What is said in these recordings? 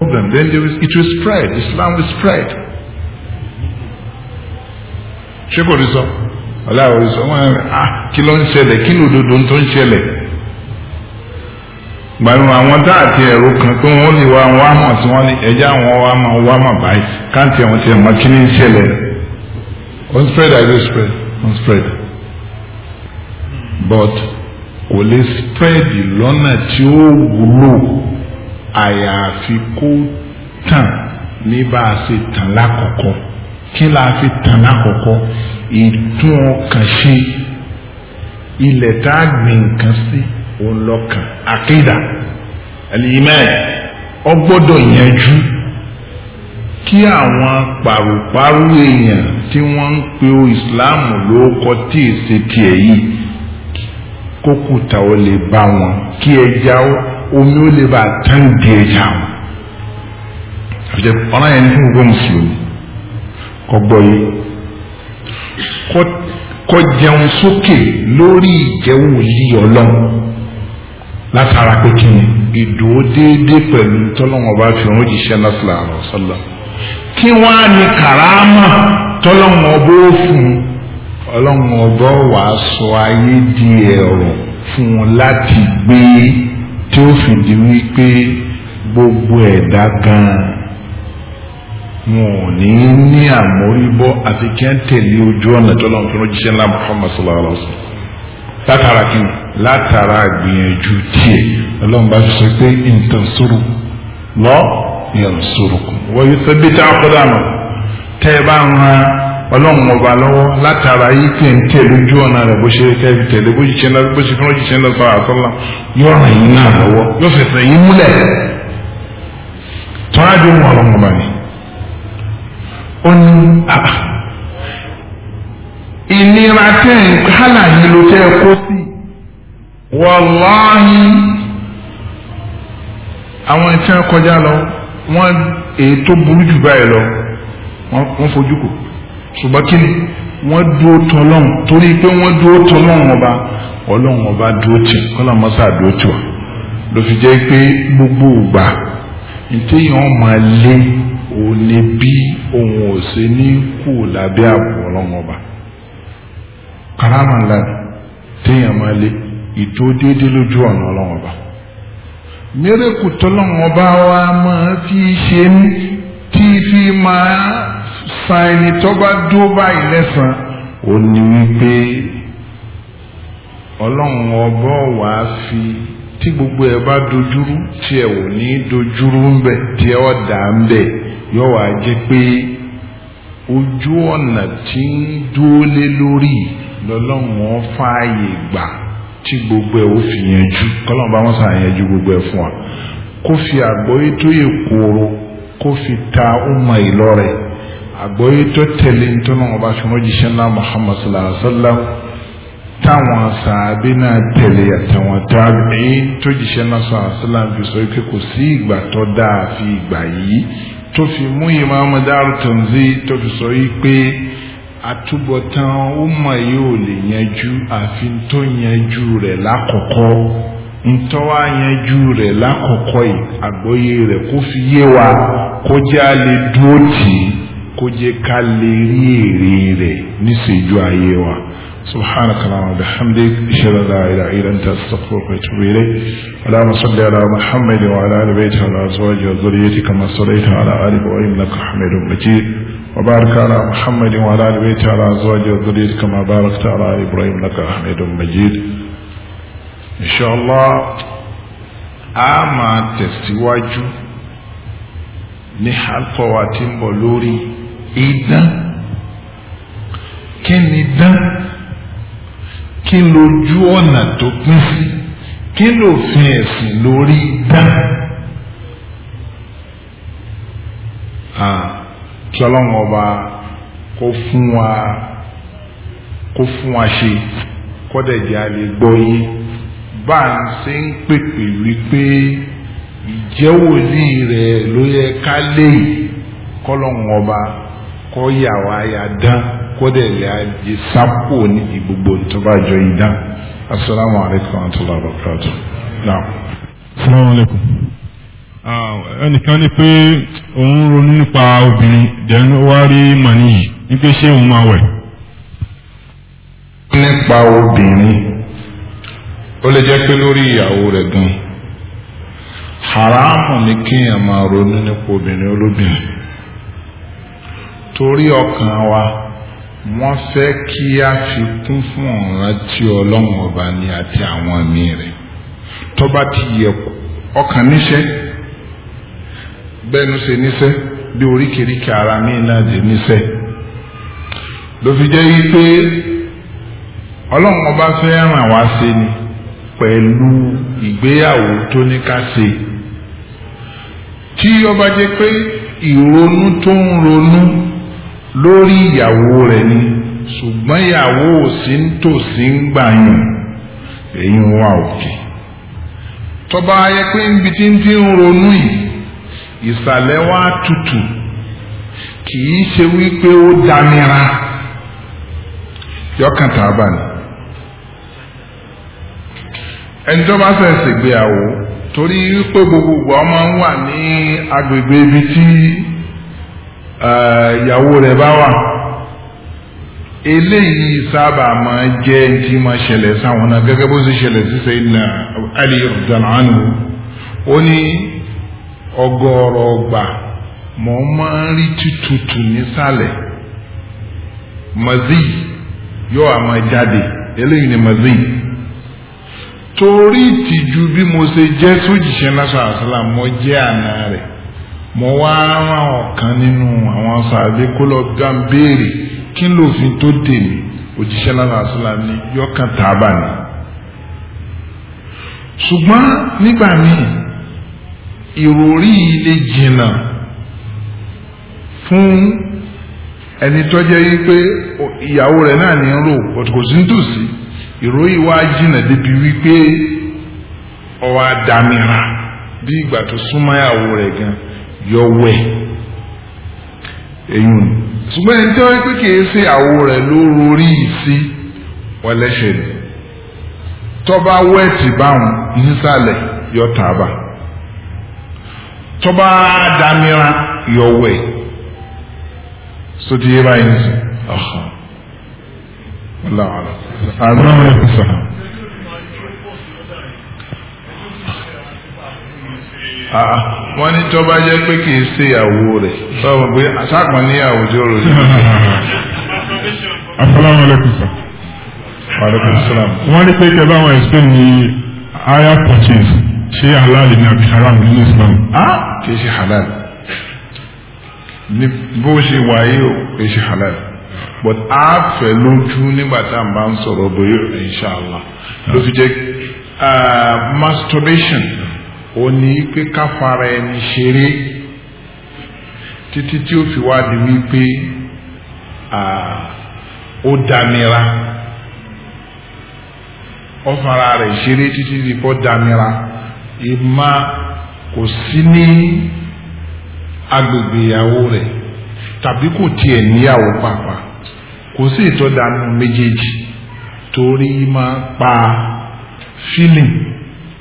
problem, then will, it will spread. Islam will spread. ṣé kò rí sọ ọláwọ rí sọ wọn ah kí ló ń ṣẹlẹ̀ kí ni òdodo tó ń ṣẹlẹ̀ gbàgbọ́ àwọn tá àti ẹ̀rọ kan pé wọ́n lè wá wọn á mọ̀ sí wọn ẹ̀já wọn wá mọ̀ wá mọ̀ báyìí káàntì àwọn tiẹ̀ mọ̀ kí ni ń ṣẹlẹ̀ on spread i go spread on spread but kò lè spread lọ́nà tí ó wúlò àyàfi kó tàn ní bá a ṣe tàn lákọ̀ọ́kọ́ kí la fi tàn lákọ̀ọ́kọ́ ìtún ọkàn ṣe ilẹ̀ tá a gbìn nǹkan sí òun lọ́kàn àkídà ẹ̀lìmẹ́ ọ gbọ́dọ̀ yanjú kí àwọn pàròpárò èèyàn tí wọ́n ń pe Islam lóókọ tí èsì tiẹ̀ yìí kókùtà ó lè bá wọn kí ẹja omi ó lè bá tán di ẹja wọn àfijẹ́ ọ̀ràn yẹn ní fún gbogbo mùsùlùmí kọ́ gbọ́ yìí kọ́ jẹun sókè lórí ìjẹun yí ọlọ́run látara pé kí ni ìdúró déédéé pẹ̀lú tọ́lọ́wọ́n bá fi òun jíṣẹ́ lásìlá àrọ̀ sọ́lá kí wọ́n á ní kàrámà tọ́lọ́wọ́n bó fún un ọlọ́run ọba wà sọ ayé di ẹ̀rọ fún un láti gbé tí ó fi di wípé gbogbo ẹ̀dá gan-an wọn ò ní ní àmóríbọ́ àti kí wọ́n tẹ̀lé ojú ọ̀nà tó lọ́n fún ojúṣe ńlá Muhammad sallallahu alaihi látara kí látara gbìyànjú tiẹ̀ ọlọ́run bá fi sọ pé ìtànsóró lọ ìyànsóró wọ́n yóò fẹ́ bí tá a kọ́ dànù tẹ́ ẹ bá ń ran ọlọ́run ọba lọ́wọ́ látara yìí pé ń tẹ̀ lójú ọ̀nà rẹ̀ bó ṣe kẹ́ fi tẹ̀lé bó ṣiṣẹ́ ńlá bó ṣe fi ránṣẹ́ ńlá sọ àtọ́lá yóò ràn yín náà lọ́wọ́ yóò fẹsẹ̀ yín múlẹ̀ tọ́ adé wọn ọlọ́run ọba ni. ó ní ah, ah. ìnira tẹ́ ń hànà yìí ló tẹ́ kó sí wàláhì àwọn ìtẹ́ kọjá lọ wọ́n èyí tó burú jù báyìí lọ wọ́n fojú kò ṣùgbọ́n kí ni wọ́n dúró tọ́lọ́hún torí pé wọ́n dúró tọ́lọ́hún ọba ọlọ́hún ọba dúró tì kọ́lọ́mọ́sá dúró tì wá ló fi jẹ́ pé gbogbo ìgbà ìtẹ̀yàn máa lé òní bí òun ò ṣe ní kú lábẹ́ ààbò ọlọ́hún ọba karama ńlá tẹ̀yàn máa lé ìtó déédéé lójú ọ̀nà ọlọ́hún ọba mẹ́rẹ̀kù tọ́lọ́hún ọba wa máa fi ṣe tí fi máa san ẹni tó bá dúró báyìí lẹ́sàn ó ní wípé ọlọ́run ọbọ̀ wá fi tí gbogbo ẹ bá dojúrú tí ẹ ò ní dojúrú ń bẹ tí ẹ ọ̀ dà ń bẹ yóò wá jẹ́ pé ojú ọ̀nà tí ń dúró lé lórí lọ́lọ́run ọ fààyè gbà tí gbogbo ẹ̀ ó fi yanjú kọ́lọ́n bá wọ́n sàyànjú gbogbo ẹ̀ fún wa kó fi àgbọ́yé tó yẹ kóró kó fi ta ọmọ ìlọrẹ̀ àgbọ́yé tó tẹ̀lé nítorí wọn bá fi wọ́n jíṣẹ́ ńlá muhammad sallallahu alaihi wa sallam táwọn sàábé náà tẹ̀lé àtàwọn tábìlì tó jíṣẹ́ ńlá sallallahu alaihi sallam fi sọ pé kò sí ìgbà tó dáa fi ìgbà yìí tó fi mú ìmáàmù Daaru Tanzil tó fi sọ yìí pé àtúbọ̀tán ó mọ̀ yóò lè yanjú àfi tó yanjú rẹ̀ lákọ̀ọ́kọ́ ntọ́wá yanjú rẹ̀ lákọ̀ọ́kọ́ yìí àgbọ́yé rẹ̀ kó fi yé wa kó jẹ́ a dúró tì í kó jẹ́ ká lè rí èrè rẹ̀ níṣẹ́jú ayé wa سبحانك اللهم وبحمدك اشهد ان لا اله الا انت استغفرك واتوب اليك اللهم صل على محمد وعلى ال بيته وعلى ازواجه وذريته كما صليت على ال ابراهيم انك حميد مجيد وبارك على محمد وعلى ال بيته وعلى ازواجه وذريته كما باركت على ال ابراهيم انك حميد مجيد ان شاء الله اما تسواجو ni halqa wa timbo lórí ìdán kí ni dán kí lójú ọ̀nà tó pín sí kí lòfin ẹ̀sìn lórí dán. kí ọlọ́run ọba kó fún wa kó fún wa ṣe kọ́dẹ̀ jẹ́ a lè gbọ́ yé bá a ṣe ń pèpè wípé ìjẹ́wòlí rẹ̀ ló yẹ ká léyìí kọ́lọ́run ọba kọ́ yà ya yà dán kó dẹ̀ lè àjẹ sápò níbi gbogbo ntọ́bàjọ́ yìí dán asalaamualeykum wa rahmatulahi wa barakatu. Ah, ẹnìkan pé òun ronú nípa obìnrin wá rí màní yìí ṣé òun máa wẹ̀. nípa obìnrin gan haramu ni kéèyàn máa ronú nípa torí ọkàn wa wọ́n fẹ́ kí a fi kún fún ìrántí ọlọ́run ọba ni àti àwọn ẹ̀mí rẹ̀ tó bá ti yẹ ọkàn níṣẹ́ bẹ́ẹ̀nu ṣe níṣẹ́ bí oríkèéríkèé ara mi náà dé níṣẹ́ ló fi jẹ́ wípé ọlọ́run ọba fẹ́ ràn wá sí ni pẹ̀lú ìgbéyàwó tó ní ká ṣe tí ó bá pé ìrònú tó ń ronú. lórí ìyàwó rẹ̀ ni ṣùgbọ́n ìyàwó òsì ń tòsí ń gbàyàn èyí wa òkè tọba ayẹ pé níbi tí ń ti ń ronú yìí ìsàlẹ̀ wa tutù kì í ṣe wípé ó dánira yọkàn tàbá ni ẹni tó bá ń wà ní agbègbè ibi Eh, ìyàwó rẹ̀ bá wà eléyìí sábà máa jẹ́ tí máa ṣẹlẹ̀ sáwọn náà ṣẹlẹ̀ sí Ali radiyallahu ó ní ọgọ́rọ̀ ọgbà mọ̀ máa ń rí tútùtù nísàlẹ̀ mazi yóò àmọ́ jáde eléyìí ni mazi torí bí mo ṣe jẹ́ sọ àṣàlà mọ́ jẹ́ àná mo wá rán ọ̀kan nínú àwọn sàbẹ kó lọ gbà ń béèrè kí n lòfin tó dè mí òjíṣẹ́ lára àṣìlá ni yọkàn tààbà ni ṣùgbọ́n nígbà míì ìròrí ilé jìnnà fún ẹni tó jẹ́ wípé ìyàwó rẹ̀ náà ní rò kò sí ń tù sí ìròyìn wá jìnnà débi wípé ọwọ́ adámira bí ìgbà tó súnmọ́ ìyàwó rẹ̀ gan-an yọ wẹ̀ eyín ni ṣùgbọ́n ẹni tí wọ́n pé kì í ṣe àwo rẹ̀ ló rorí sí wọn lẹ́sẹ̀ ni tọ́ba wẹ́ẹ̀tì báwọn nísàlẹ̀ yọ tààbà tọ́ba dámíra yọ wẹ̀ sotiyeba yi ni ọ̀hún. Wàllu àlọ́. Àlọ́ mi Ah, wọ́n ní tọ́ba jẹ́ pé kì í ṣe ìyàwó rẹ̀ sọ́wọ́ pé àṣàkùn ní àwùjọ rẹ̀. asalaamu alaykum sir. wa aleykum salaam. wọ́n ní pé kẹ́bá àwọn ẹ̀sìn ní higher purchase ṣé halal ni àbí haram nínú Islam. Ah, kì í ṣe halal bó ṣe wáyé o kì í ṣe halal but a fẹ́ lójú nígbà tá à ń bá ń sọ̀rọ̀ bóyá inshallah ló fi jẹ́ ah, masturbation. òní pé káfara ẹni ṣeré títí tí ó fi wá di wípé ó dánira ó fara rẹ̀ ṣeré títí tí kò damira ìmá kò sí ní agbègbè ìyàwó rẹ̀ tàbí kò tiẹ̀ níyàwó pàpà kò sí ìtọ́dánù méjèèjì torí máa pa fílìn.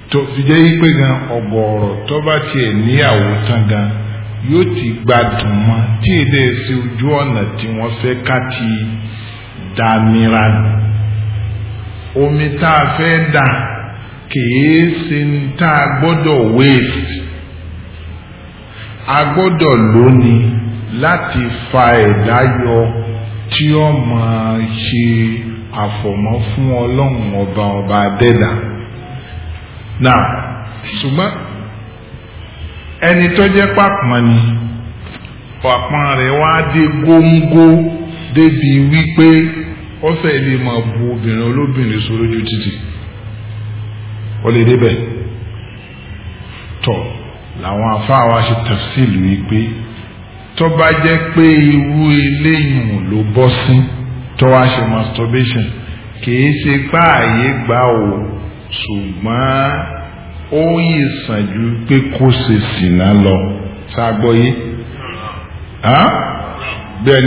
tó fi jẹ́ yí pé gan ọ̀gọ̀ọ̀rọ̀ tó bá tiẹ̀ níyàwó tán gan yóò ti gbádùn mọ́ tí èdè sí ojú ọ̀nà tí wọ́n fẹ́ ká ti dàmíra omi tá a fẹ́ dà kìí ṣe ní tá a gbọ́dọ̀ waste a gbọ́dọ̀ lónìí láti fa ẹ̀dá yọ tí ó máa ṣe àfọ̀mọ́ fún ọlọ́run ọba ọba adẹ́dàá nà ṣùgbọ́n ẹni tó jẹ́ pàpọ̀n ni pàpọ̀n rẹ̀ wá dé góńgó débi wípé ó fẹ́ lè máa bu obìnrin olóbìnrin sọ lójú títì ó lè débẹ̀ tọ̀ làwọn afáà wa ṣe tafsílù wípé tó bá jẹ́ pé irú eléyìí ló bọ́ sí tó wá ṣe masturbation kì í ṣe pé gbà ó ṣùgbọ́n ó yìí sàn pé kó ṣe sìnà lọ ságbọ́yé bẹ́ẹ̀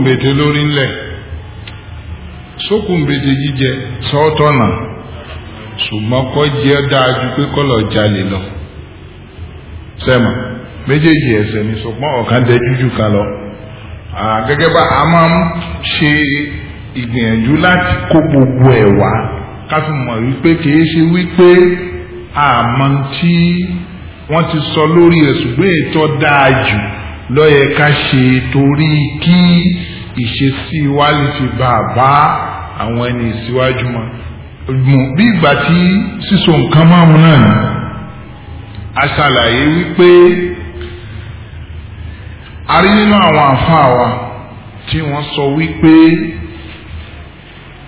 ni lórí ńlẹ̀ sókùnbètè jíjẹ sọ́tọ̀nà ṣùgbọ́n kọ́ jẹ́ dájú pé kọ́lọ̀ jalè lọ sẹ́mà méjèèjì ẹ̀sẹ̀ ni ṣùgbọ́n ọ̀kan lọ gẹ́gẹ́ bá a máa ń ìgbìyànjú láti kó gbogbo ẹ̀ wá ká fi mọ̀ wípé kìí ṣe wípé àmọ́ tí wọ́n ti sọ lórí ẹ̀sùn gbé ètò dáa jù lọ́yẹ ká ṣe torí kí ìṣesí wa lè fi bá a bá àwọn ẹni ìsíwájú mọ́ bí ìgbà tí sísọ nǹkan máa mú náà ni a ṣàlàyé wípé a rí nínú àwọn àfáà wa tí wọ́n sọ wípé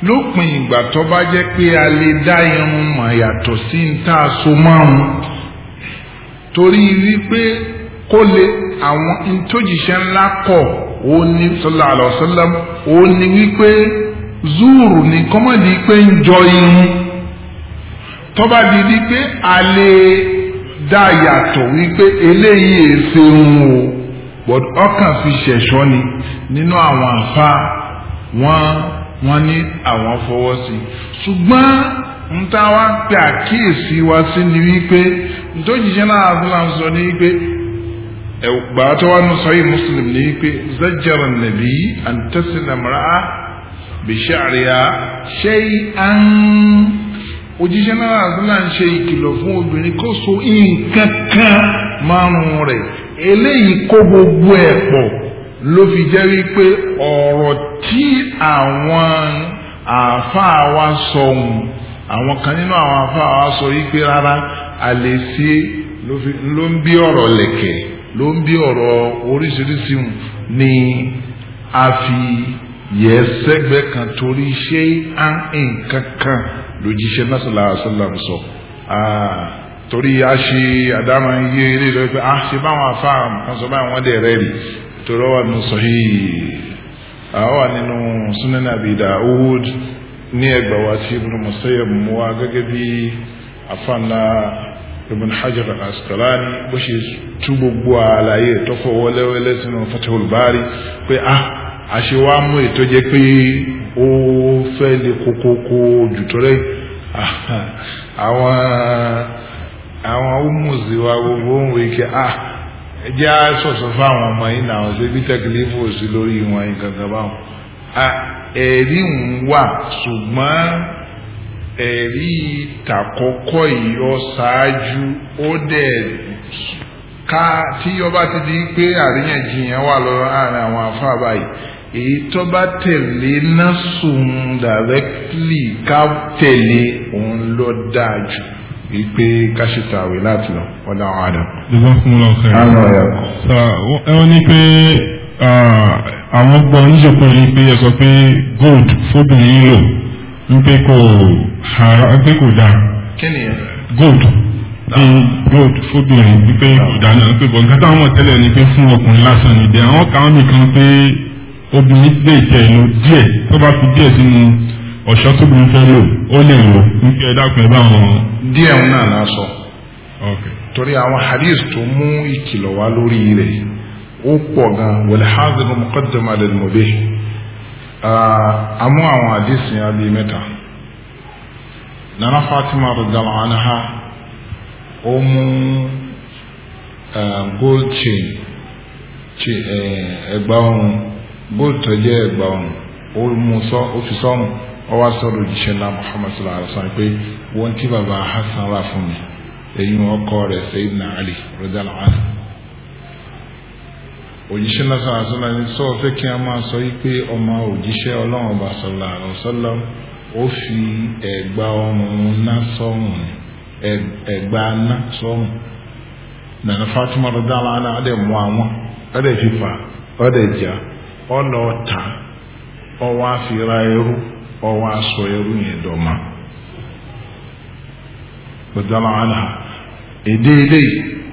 lópin ìgbà tó bá jẹ́ pé a lè dá irun mọ̀ yàtọ̀ sí ń tá a so márùn torí wípé kó lè àwọn ntójìṣẹ́ ńlá kọ̀ ó ní sallallahu alaihi wasallam ó ní wípé zúùrù ní kọ́mọ̀dé pé ń jọ irun tó bá di wípé a lè dá yàtọ̀ wípé eléyìí èsè irun o but ọkàn fi ṣẹ̀ṣọ́ ni nínú àwọn àfa wọn wọ́n ní àwọn fọwọ́ sí ṣùgbọ́n n ta wá pé àkíyèsí wa sí ni wípé n tó jíjẹ́ náà àdúrà ń sọ ní wípé ẹ̀gbà tó wà ní sọ́yì mùsùlùmí ní wípé zajjara nàbí àǹtẹ́sílẹ̀ mìíràn bìṣẹ́ àríyá ṣé àn òjíṣẹ́ náà àdúrà ń ṣe ìkìlọ̀ fún obìnrin kó so nǹkan kan márùn-ún rẹ̀ eléyìí kó gbogbo ẹ̀ pọ̀ ló fi jẹ́ wípé ọ̀rọ̀ tí àwọn àáfàá wa sọ ohun àwọn kan nínú àwọn àáfàá wa sọ wípé rárá àlè ló ń bí ọ̀rọ̀ lẹ̀kẹ̀ ló ń bí ọ̀rọ̀ oríṣiríṣi ni a fi yẹ sẹ́gbẹ́ kan torí ṣé à ń nǹkan kan lójíṣẹ́ náà sallallahu alaihi wasallam sọ torí a ṣe àdámọ̀ iye eré lọ́wọ́ pé a ah, ṣe báwọn afáàmù kan sọ báwọn wọ́n dẹ̀ rí tọrọ wà nínú sahih àwọn wà nínú sunan abi dawud ní ẹgbà wá sí ibn musayyab mú wa gẹ́gẹ́ bí afanla ibn hajar al-asqalani bó ṣe tú gbogbo àlàyé tọ́fọ̀ wọléwọlé sínú fatahul bari pé ah àṣewá mú ètò jẹ́ pé ó fẹ́ lè kókókó jù tọ́lẹ́ ah, àwọn àwọn umuzi wa gbogbo ń wé kí ah ẹ jẹ́ àṣọ̀ṣọ̀ fáwọn ọmọ yìí náà ṣe bí tẹkìlífù sí lórí wọn yìí kankan báwọn ẹ̀rí ń wà ṣùgbọ́n ẹ̀rí ìtàkọ́kọ́ ìyọ ṣáájú ó dẹ̀ ká tí ọba ti di pé àríyànjiyàn wà lọ́rọ̀ àárín àwọn afá báyìí èyí tó bá tẹ̀lé náà sùn directly ká tẹ̀lé òun lọ dáa jù wípé káṣíta àwẹ̀ láti lọ ọ̀dà àwọn àdà. ìjọba fún mi lọ àwọn ọ̀yà. ẹ wọ́n ní pé àwọn gbọ́ níjọpọ̀ ní pé ẹ sọ pé gold fóbìnrin lò ń pé kò hàrá ń pé kò dáa. kí ni ẹ. gold bíi gold fóbìnrin wípé kò dáa náà pé bọ̀ nǹkan táwọn tẹ́lẹ̀ ni pé fún ọkùnrin lásán ni dé àwọn kan nìkan pé obìnrin lè tẹ̀ lọ díẹ̀ tó bá fi díẹ̀ sínú ọ̀ṣọ́ tóbi fẹ́ lò. O lè lò ń kí ẹ dákun wọn. díẹ̀ ń náà náà sọ torí àwọn hadith tó mú ìkìlọ̀ wá lórí rẹ̀ ó pọ̀ gan walhadhiru muqaddam ala al àmú àwọn hadith yẹn bíi mẹ́ta nana Fatima radhiyallahu anha ó mú gold chain ẹgbà gold tó jẹ́ ó mú sọ wọ́n wá sọ̀rọ̀ òjíṣẹ́ Muhammad sallallahu alaihi pé wọ́n ti bàbá Hasan rà fún mi ẹ̀yin ọkọ rẹ̀ Sayyidina Ali radiyallahu anhu òjíṣẹ́ ńlá sallallahu alaihi wasallam ní sọ́ọ́ fẹ́ kí a máa sọ wípé ọmọ òjíṣẹ́ ọba ó fi ẹ̀gbà ọrùn ná sọ́rùn nana mú àwọn fífa jà àfihàn ẹrú ọwọ́ aṣọ ẹrú yẹn dọ̀ma ọ̀dọ́là àná ni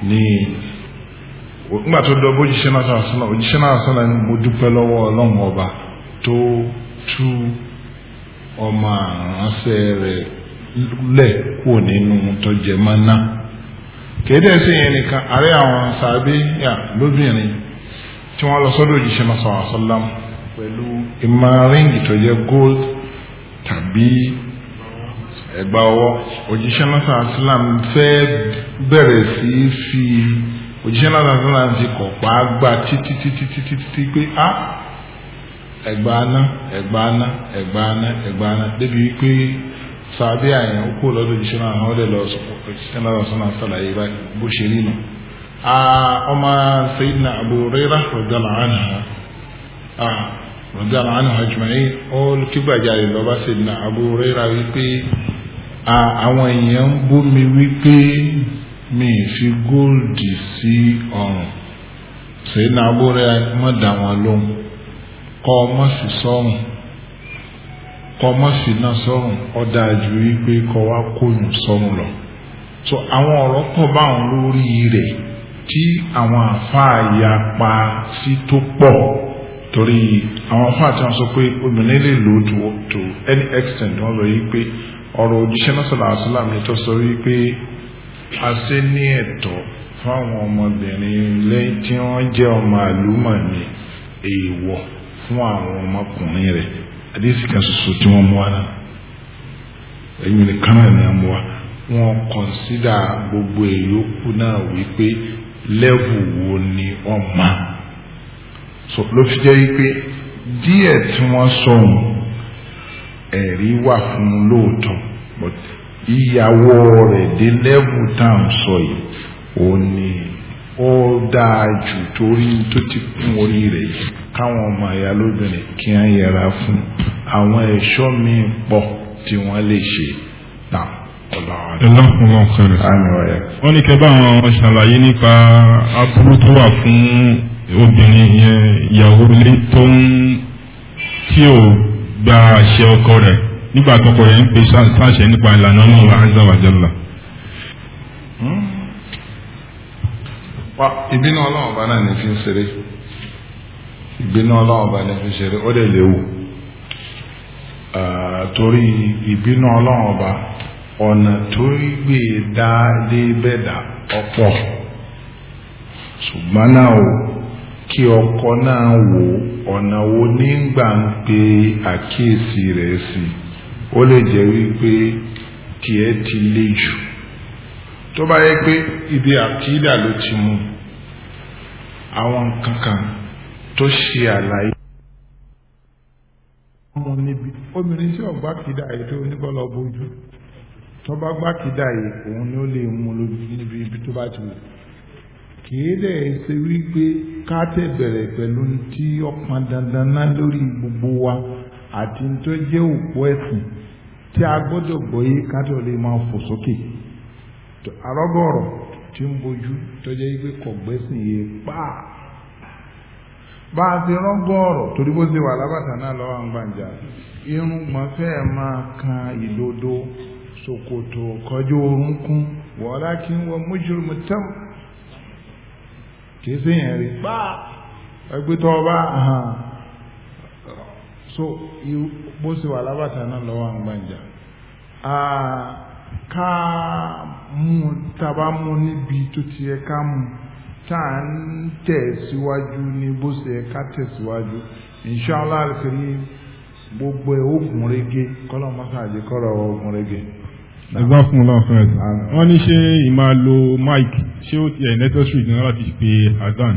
nígbà tó dọ̀ bó jíṣẹ́ náà sọ̀rọ̀ òjíṣẹ́ náà sọ̀rọ̀ ni mo dúpẹ́ lọ́wọ́ ọlọ́run ọba tó tú ọmọ àránṣẹ́ rẹ̀ lẹ̀ kúrò nínú kéde yẹn nìkan àwọn sàbí yà lóbìnrin tí wọn lọ sọ́dọ̀ òjíṣẹ́ náà sọ̀rọ̀ pẹ̀lú gold tàbí ẹ̀gbà ọwọ́ òjíṣẹ́ náà islam fẹ́ bẹ̀rẹ̀ sí fi òjíṣẹ́ náà islam fi gbà títí títí títí títí pé a ẹ̀gbà aná ẹ̀gbà aná ẹ̀gbà aná ẹ̀gbà aná débi wípé sàbí àyàn ó kó lọ́dọ̀ òjíṣẹ́ náà àwọn ọ̀dẹ̀ lọ òjíṣẹ́ sàlàyé bó ṣe rí nù. ọmọ rọ̀dí àlàánà àjùmáyé ó kígbàjarè lọ́ba Sayyidina Abu Hurairah wípé àwọn èèyàn ń bú mi wípé mi fi góòdì sí ọrùn Sayyidina Abu Hurairah má dá wọn lóhùn kọ́ ọ má sì kọ́ ọ má sì ná sọ́rùn ó wípé kọ́ wá kóyún sọ́rùn lọ so àwọn ọ̀rọ̀ pọ̀ báwọn lórí rẹ̀ tí àwọn àfáà yapa sí tó pọ̀ torí àwọn afọ àti wọn sọ pé obìnrin lè lò to to any extent wọn sọ yìí pé ọ̀rọ̀ òjíṣẹ́ náà sọlá àṣìláàmù ni tó sọ yìí pé a ṣe ní ẹ̀tọ́ fáwọn ọmọbìnrin lẹ́yìn tí wọ́n jẹ́ ọmọ àlùmọ̀ ní èèwọ̀ fún àwọn ọmọkùnrin rẹ̀ àdéhùn kan ṣoṣo tí wọ́n mú wa náà ẹ̀yìn nìkan náà ni wọ́n mú wa wọ́n kọ̀nsídà gbogbo èyókù náà wípé lẹ́wù wo ni wọ́n máa so ló fi jẹ́ pé díẹ̀ tí wọ́n sọ̀hún ẹ̀rí wà fún un lóòótọ́ but ìyàwó rẹ̀ dé lẹ́bù tá à ń sọ yìí ò ní ó dáa jù torí tó ti kún orí rẹ̀ yìí káwọn ọmọ àyà lóbìnrin kí wọ́n yẹra fún àwọn ẹ̀ṣọ́ míì pọ̀ tí wọ́n lè ṣe náà wọ́n ní kẹ́ bá wọn ṣàlàyé nípa aburú tó wà fún obìnrin yẹn ìyàwó ilé tó ń tí ò gba àṣẹ ọkọ rẹ nígbà tọkọ rẹ̀ ń pe sáṣẹ nípa ìlànà wa ìbínú ọlọ́run ọba náà ní fi ń ṣeré ìbínú ọlọ́run ọba ní fi ń ṣeré ó dẹ̀ léwu torí ìbínú ọlọ́run ọba ọ̀nà tó gbé dáadé dà ṣùgbọ́n náà o. kí ọkọ náà wò ọ̀nà wo ní gbà ń pe àkíyèsí rẹ̀ sí ó lè jẹ́ wípé ti le jù tó bá yẹ pé ibi àkídà ló ti mú àwọn kankan tó ṣe àlàyé. ọmọ níbi obìnrin tí ọgbà kìdá yìí tó ní bọ́lá tó bá gbà kìdá yìí òun ni ó lè mú lójú níbi ibi tó bá ti wù. kìí dẹ̀ ṣe wípé ká tẹ̀ bẹ̀rẹ̀ pẹ̀lú tí dandan gbogbo wa àti tó jẹ́ òpó ẹ̀sìn tí a gbọdọ gbọ́ yé ká tó máa fò sókè arọ́gọ́rọ̀ tí ń bojú tó jẹ́ wípé Ba yé bá a ti rọ́gọ́ọ̀rọ̀ torí bó ṣe wà lábàtà náà gbàǹjà irun máa kan kọjú kìí sí yẹn rí pa ẹgbẹ́ tó ọba hàn so bó ṣe wà lábàtà náà lọ́wọ́ àgbàjà ká mú tàbá mú níbi tó ti yẹ ká mú tá à ń tẹ̀síwájú ní bó ṣe yẹ ká tẹ̀síwájú ní gbogbo ẹ̀ e rege kọ́lọ́ mọ́sáàjì ẹgbọ́n fún un lọ́fẹ́ ẹ̀sìn wọ́n ní ṣé ìmá lo mic ṣé ó tiẹ̀ necessary gan láti pe adan.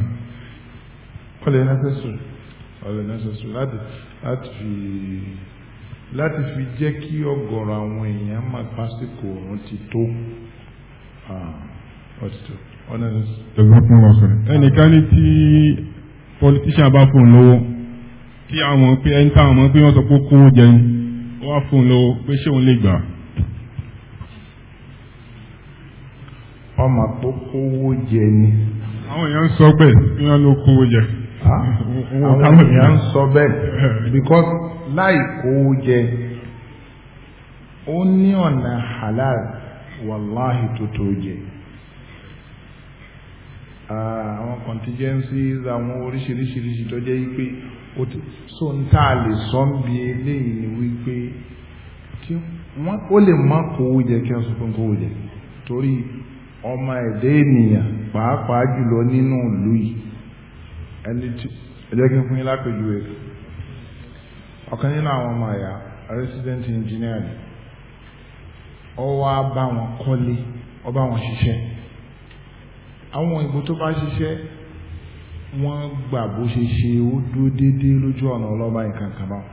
ó lè necessary ó lè necessary láti láti fi láti fi jẹ́ kí ọ̀gọ̀rọ̀ àwọn èèyàn máa pásítìkò òun ti tó ó ti tó ọ̀nà ẹ̀sìn. fún lọ́fẹ́ ẹnìkan ní tí politician bá fún un lówó tí àwọn pé ẹni táwọn mọ̀ pé wọ́n sọ pé kó jẹun wọ́n fún un lówó pé ṣé òun lè gbà á. wọ́n máa tó kówó jẹ ni. àwọn èèyàn ń sọ bẹ́ẹ̀ bí wọ́n ló kówó jẹ. àwọn èèyàn ń sọ bẹ́ẹ̀ because láì kówó jẹ ó ní ọ̀nà halal wàláhì tó tó jẹ àwọn contingencies àwọn oríṣiríṣiríṣi tó jẹ́ wípé ó ti so ń tá a lè sọ ń bi eléyìí ni wípé tí wọ́n ó lè má kówó jẹ kí wọ́n sọ pé kówó jẹ torí ọmọ ẹ̀dá ènìyàn pàápàá jùlọ nínú ìlú yìí ẹni tí ẹjẹ́ kí n fún yín lápèjúwe ọ̀kan nínú àwọn ọmọ àyà resident engineer ni ó wá bá wọn kọ́lé ó bá wọn ṣiṣẹ́ àwọn òyìnbó tó bá ṣiṣẹ́ wọ́n gbà bó ṣe ṣe ó dúró déédéé lójú ọ̀nà ọlọ́ba nǹkan kan báwọn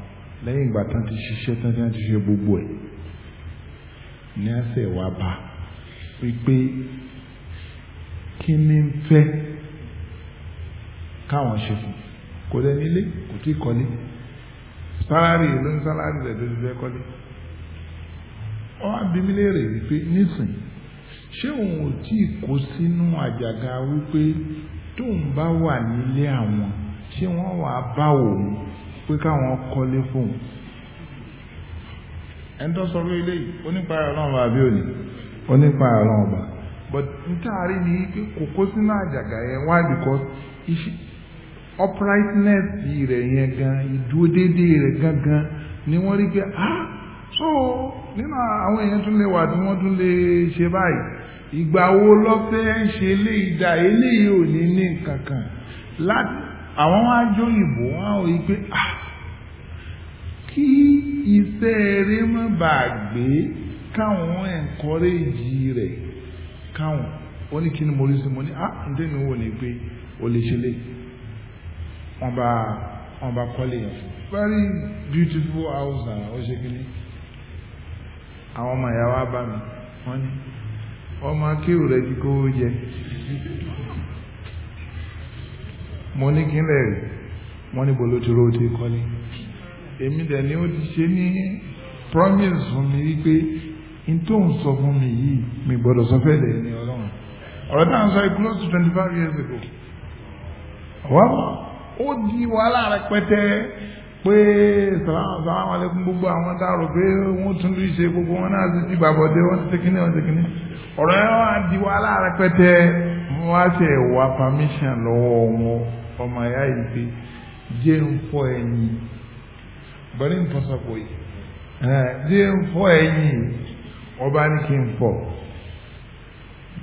lẹ́yìn ìgbà tán ti ṣiṣẹ́ tán ti ṣe gbogbo ẹ̀ ní ẹsẹ̀ wá bá a wípé kí ni ń fẹ́ káwọn ṣe fún kò lẹ nílé kò tí kọ́lé sálárì ló ń sálárì rẹ̀ ló ti fẹ́ kọ́lé ọ abimi léèrè wípé nísìn ṣé òun ò tí kó sínú àjàgà wípé tóun bá wà nílé àwọn ṣé wọ́n wàá bá òun pé káwọn kọ́lé fóun ẹni tó sọ pé eléyìí onípa ẹ̀ ọlọ́run àbí òní onípa àrùn ọba but ntaari ni pé kòkó sínú àjàgà yẹn wá because uprightness rẹ̀ yẹn gan ìdúró déédéé rẹ̀ gangan ni wọ́n rí pé ah so nínú àwọn èèyàn tún lè wà tí wọ́n tún lè ṣe báyìí ìgbà wo lọ fẹ́ ṣe eléyìí dá eléyìí ò ní ní nǹkan kan láti àwọn wá jó ìbò wọn ò yí pé ah kí iṣẹ́ eré mọ́ bàa gbé káwọn ẹ̀ńkọ́rẹ́jì rẹ̀ káwọn ó ní kí ni mo rí sí mo ní ah ǹdẹ́ mi o lè ṣe lé wọn bá very beautiful house na ó ṣe kíní àwọn ọmọ ìyá wa mi wọ́n ní ọmọ akéwù rẹ̀ ti kó jẹ mo ní kí n lè rí wọ́n ní bolo ti kọ́lé èmi dẹ̀ ni ó ti ṣe ní promise fún mi n tó ń sọ fún mi yìí mi gbọ́dọ̀ sọ fẹ́ lẹ́yìn ní ọlọ́run ọ̀rọ̀ náà sọ close to twenty five years ago wọ́n ó di wàhálà rẹpẹtẹ pé sàlámù alẹ́kùn gbogbo àwọn tá a rò pé wọ́n tún lè ṣe gbogbo wọn náà ti ti bàbọ̀dé wọ́n ti tẹ́kíní wọ́n ti tẹ́kíní ọ̀rọ̀ yẹn wá di wàhálà rẹpẹtẹ wọ́n á ṣe wá permission lọ́wọ́ wọn ọmọ ẹ̀yà yìí pé jẹ́ ń fọ ẹ̀yìn bẹ́ẹ̀ ń fọ́ sọ́kò yìí jẹ́ ń fọ ẹ̀yìn ọba ní kí n fọ̀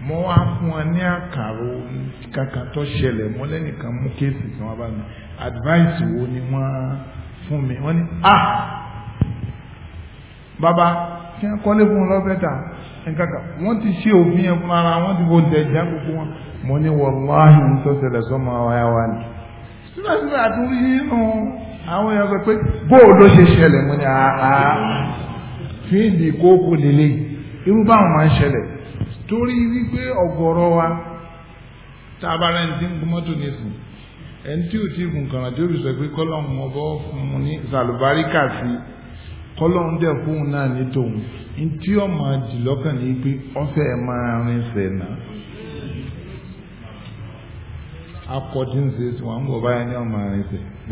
mo wá fún wọn ní àkàrò kankan tó ṣẹlẹ̀ mo lẹ́nìkan mú kéèsì kan wá bá mi advice wo ni wọ́n fún mi wọ́n ní ah baba kí wọ́n kọ́lé fún un lọ́bẹ̀ta nǹkan kan wọ́n ti ṣe òfin yẹn fún ara wọ́n ti bo dẹ̀já gbogbo wọn mo ní wàláhì ń tó ṣẹlẹ̀ sọ́mọ ọ̀yá wa ni. síbẹ̀síbẹ̀ àtúnrí nínú àwọn èèyàn sọ pé bóòlù ṣe ṣẹlẹ̀ mo ní àá. fíìdì kókó lélẹ̀ irú báwọn máa ń ṣẹlẹ̀ torí wípé ọ̀gọ̀rọ̀ wa tá a tí ń gbọ́n mọ́tò nísìn ẹni tí ò tí tí ó fi sọ pé kọ́lọ́hún fún un ní sàlùbáríkà sí kọ́lọ́hún dẹ̀ fóun náà ní tòun ní tí ó máa jì lọ́kàn ní pé ọ̀fẹ́ máa rin tí wọ́n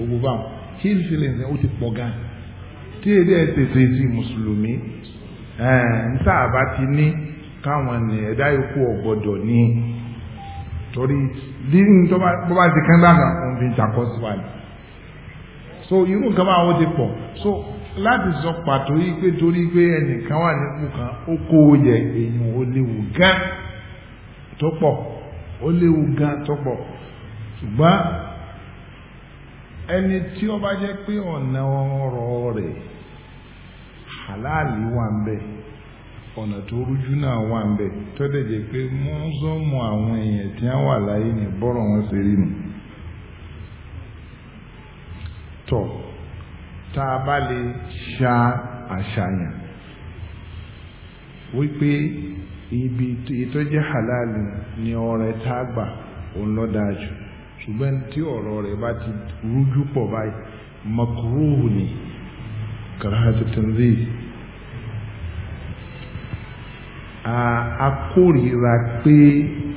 ń bọ̀ ti pọ̀ tí èdè ẹ̀ tètè di mùsùlùmí níta àbá ti ní káwọn ní ẹ̀dá ikú ọ̀gbọ́dọ̀ ní torí lílù tó bá ti kán dàgbà òun fi jàkọ́ so irú nǹkan máa wọ́n ti pọ̀ so láti sọ pàtó yìí pé torí pé ẹnìkan wà nípò kan ó kó o yẹ èèyàn ó léwu gan ẹni tí ó bá jẹ́ pé ọ̀nà ọ̀rọ̀ rẹ̀ halali wà ń bẹ ọ̀nà tó rújú náà wà ń bẹ tó dẹ̀ jẹ́ pé mọ́sọ́mù àwọn èèyàn tí wọ́n wà láyé ní bọ́rọ̀ wọn ṣe rí nù. tọ́ tá a bá lè ṣa àṣàyàn wípé ibi ìtọ́jẹ́ halali ni ọ̀rẹ́ tá a gbà òun lọ́dáa jù ṣùgbọ́n tí ọ̀rọ̀ rẹ̀ bá ti rújú pọ̀ báyìí makruhu ni karahatu tanzih akórira pé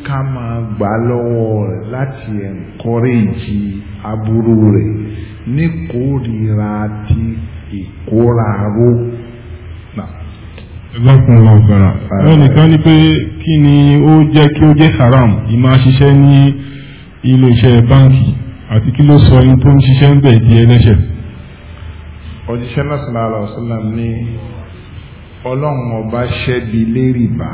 ká máa gbà lọ́wọ́ rẹ̀ láti ẹ̀ńkọ́rẹ́jì aburú rẹ̀ ní kórira ti ìkóraró. Ẹgbẹ́kun lọ gbàrà. Wọ́n nìkan ni pé kí ni ó jẹ́ kí ó jẹ́ haram, ìmáa ṣiṣẹ́ ní iléeṣẹ́ báńkì àti kí ló sọ ẹni tó ń ṣiṣẹ́ ń bẹ̀ di ẹlẹ́ṣẹ̀. òjíṣẹ́ náà sọ̀rọ̀ àlọ́ sọ́lá ní ọlọ́run ọba ṣẹ́bi lérìbá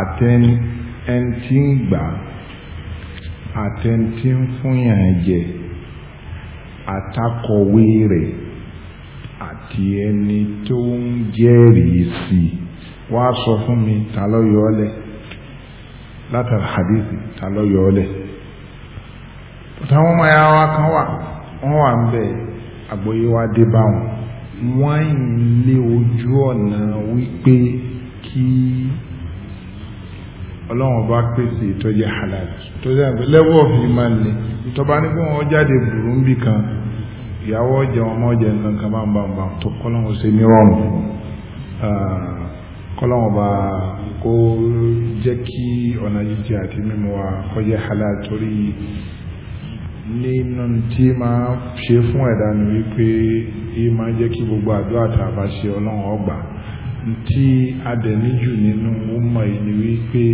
àtẹni ẹni tí ń gbà àtẹni tí ń fúnyàn jẹ àtakọ̀wé rẹ̀ àti ẹni tó ń jẹ́rìí sí wá sọ fún mi ta ló yọ ọ́ lẹ́yìn. látara hadithi ta lọ yọ ọ lẹ táwọn ọmọ ya kan wà wọn wà ń bẹ àgbọ́yé wa dé bá wọn yìí lé ojú ọ̀nà wípé kí ọlọ́run bá pèsè ìtọ́jú halal tọ́jú àgbẹ̀ lẹ́wọ́ fi máa lè ìtọ́ba ní kí wọ́n jáde burúkú kan ìyàwó ọjà wọn mọ́ nǹkan kan bá ń bá ń bá tó kọ́lọ́run ṣe ní ah, kọ́lọ́run bá. ko jakki ona yijjaati mi mo waa ko yahala tori ni non tiima se fun e danu wipe je ki gbogbo ado ata ba se ọgba nti adẹniju ninu ọmọ yi ni wipe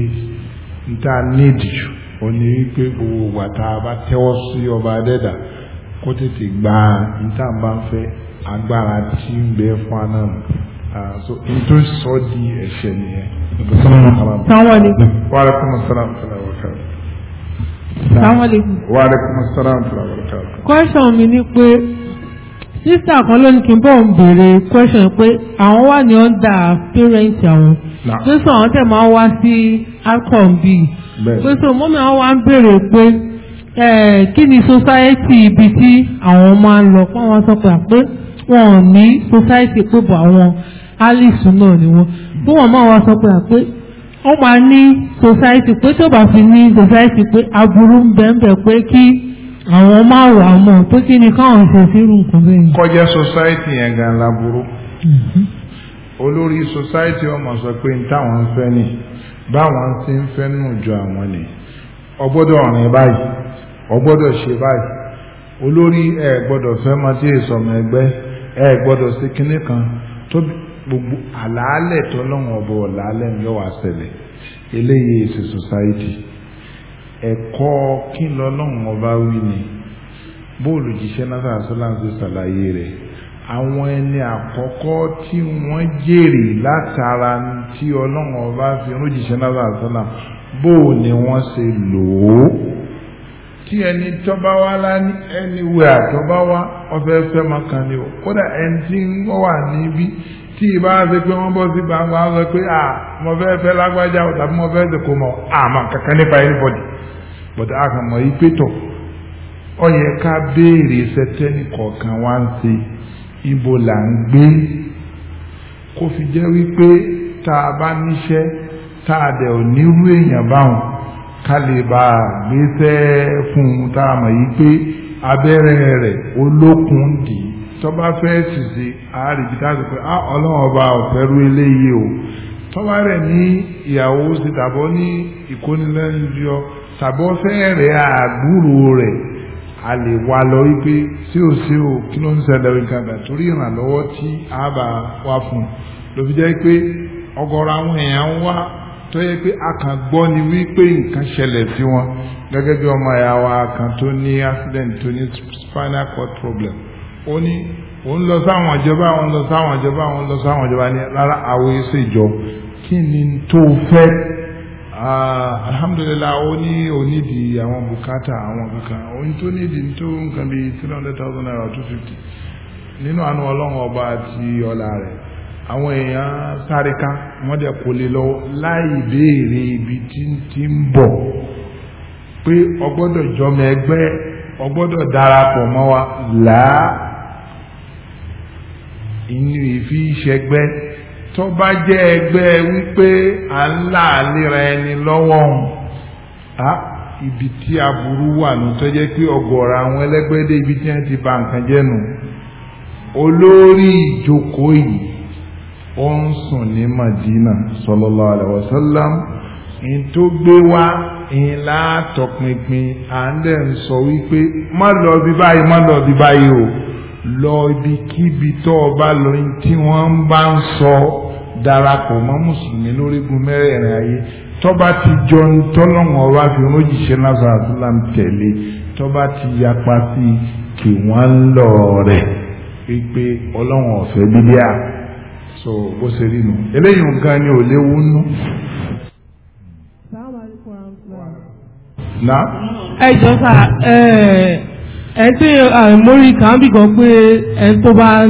nta nidiju oni wipe gbogbo wa ta ba tẹwọ si ọba adẹda ko tete gba nta ba fẹ agbara ti n bẹ fún anamu ah, so n tó sọ di ẹsẹ nìyẹn. sanwó-alaikum. wàlẹ́kùn sàlám fúnra wọ̀ká. sanwó-alaikum. wàlẹ́kùn sàlám fúnra wọ̀ká. kọ́ṣọ̀n mi ni pé sísà kan ló ní kí n bọ̀ ń béèrè kọ́ṣọ̀n pé àwọn wà ní ọ̀dà pẹ́rẹ́ǹtì àwọn. sísọ àwọn tẹ̀ máa wá sí alcohol bíi. pé so mọ́mí àwọn wá ń béèrè pé kí ni society ibi tí àwọn máa ń lọ pọ́n wọn sọ pé wọn ò ní society pé bọ̀ àwọn alice náà ni wọn kí wọ́n máa wá sọ pé àpé ó máa ní society pé tó bá fi ní society pé aburú ń bẹ̀ ń bẹ̀ pé kí àwọn máa wà mọ̀ pé kí ni káwọn ṣe sírù nǹkan bẹ́ẹ̀. kọjá society yẹn gan laburú mm-hmm. olórí society ọmọ sọ pé n táwọn ń fẹ́ ni báwọn ti ń fẹ́ nù ju àwọn ni ọgbọ́dọ̀ ọ̀rìn báyìí ọgbọ́dọ̀ ṣe báyìí olórí ẹ gbọ́dọ̀ fẹ́ mọ tí èso ọmọ ẹgbẹ́ ẹ gbọ́dọ̀ sí kinní kan gbogbo àlàálẹ̀ tó lọ́wọ́n ọ̀bọ̀ ọ̀làálẹ̀ ń yọ̀wá ṣẹlẹ̀ eléyìí èsì society ẹ̀kọ́ kí lọ́lọ́wọ́n ọba wí ni bóòlù jíṣẹ́ náà sọ́láǹsì ṣàlàyé rẹ̀ àwọn ẹni àkọ́kọ́ tí wọ́n jèrè látara tí ọlọ́wọ́n ọba fi rújíṣẹ́ náà sọ́lá bóò ni wọ́n ṣe lò ó tí ẹni tọ́ba wá láni ẹni wẹ̀ àtọ́ba wá ọ̀fẹ́ fẹ́ kódà ẹni tí wọ́n wà níbí tí ìbá ṣe pé wọ́n bọ́ sí gbangba wọ́n sọ pé à mo fẹ́ fẹ́ lágbájá tàbí mo fẹ́ ṣe kó mọ̀ àmọ́ kankan nípa anybody but a kàn mọ̀ ipe tọ̀ ọ yẹ ká béèrè sẹ́tẹ́nì kọ̀ọ̀kan wá ń ṣe ibo là ń gbé kó fi jẹ́ wípé tá a bá níṣẹ́ tá a dẹ̀ ò nírú èèyàn báwọn ká lè bá a gbéṣẹ́ fún un tá a mọ̀ yí pé abẹ́rẹ́ rẹ̀ olókun dì tọ́ba fẹ́ ṣìṣe àárín ibi táwọn pé ah ọlọ́run eléyìí o tọ́ba rẹ̀ ní ìyàwó sí tàbọ́ ní ìkónilẹ́yìnjọ tàbọ́ fẹ́ rẹ̀ àbúrò rẹ̀ a lè wá lọ wípé sí ò sí ò kí ló ń ṣẹlẹ̀ nǹkan àgbà torí ìrànlọ́wọ́ tí a bá wá fún un ló fi jẹ́ pé ọ̀gọ̀rọ̀ àwọn èèyàn ń wá tó yẹ pé a kàn gbọ́ ni wípé nǹkan ṣẹlẹ̀ sí wọn gẹ́gẹ́ bí ọmọ ìyá wa tó ní accident tó ní spinal cord problem ó ní òun lọ sáwọn ìjọba òun lọ sáwọn ìjọba òun lọ sáwọn ìjọba ní rárá àwọn èso ìjọ kí ni tó fẹ́ alhamdulilah ó ní onídìí àwọn bùkátà àwọn kankan òun tó nídìí tó nǹkan bíi three hundred thousand naira two fifty nínú àánú ọlọ́run ọba àti ọlá rẹ̀ àwọn èèyàn sáré ká wọ́n dẹ̀ kò lè lọ láì béèrè ibi tí ti ń bọ̀ pé ọgbọ́dọ̀ jọmọ ẹgbẹ́ ọgbọ́dọ̀ darapọ̀ mọ́ wa làá inú ìfi ìṣẹ́gbẹ́ tó bá jẹ́ ẹgbẹ́ wípé à ń láàlera ẹni lọ́wọ́ ọ̀hún á ibi tí aburú wà nù tó jẹ́ pé ọ̀gọ̀ọ̀rọ̀ àwọn ẹlẹ́gbẹ́ dé ibi tí wọ́n ti ba nǹkan jẹ́ nù olórí ìjókòó yìí ó ń sùn ní Madina sallallahu alaihi wasallam ní tó gbé wá ìlà tọpinpin à ń dẹ̀ ń sọ wípé má lọ bí báyìí má lọ bí báyìí o lọ ibikíbi tó o bá lọ tí wọ́n ń bá ń sọ darapọ̀ mọ́ mùsùlùmí lórígun mẹ́rẹ̀ẹ̀rin ayé tọ́ba ti jọ ń tọ́lọ́wọ́n ọba fi rójìṣẹ́ lásán àdúràm tẹ̀lé tọ́ba ti yapa sí kí wọ́n ń lọ rẹ̀ wípé ọlọ́wọ́n ọ̀fẹ́ bíbí à so bó ṣe rí nu eléyìí nǹkan ni ò léwu nú. na. ẹ jọ sá ẹ ẹ tí mórí kan bí gan pé ẹn tó bá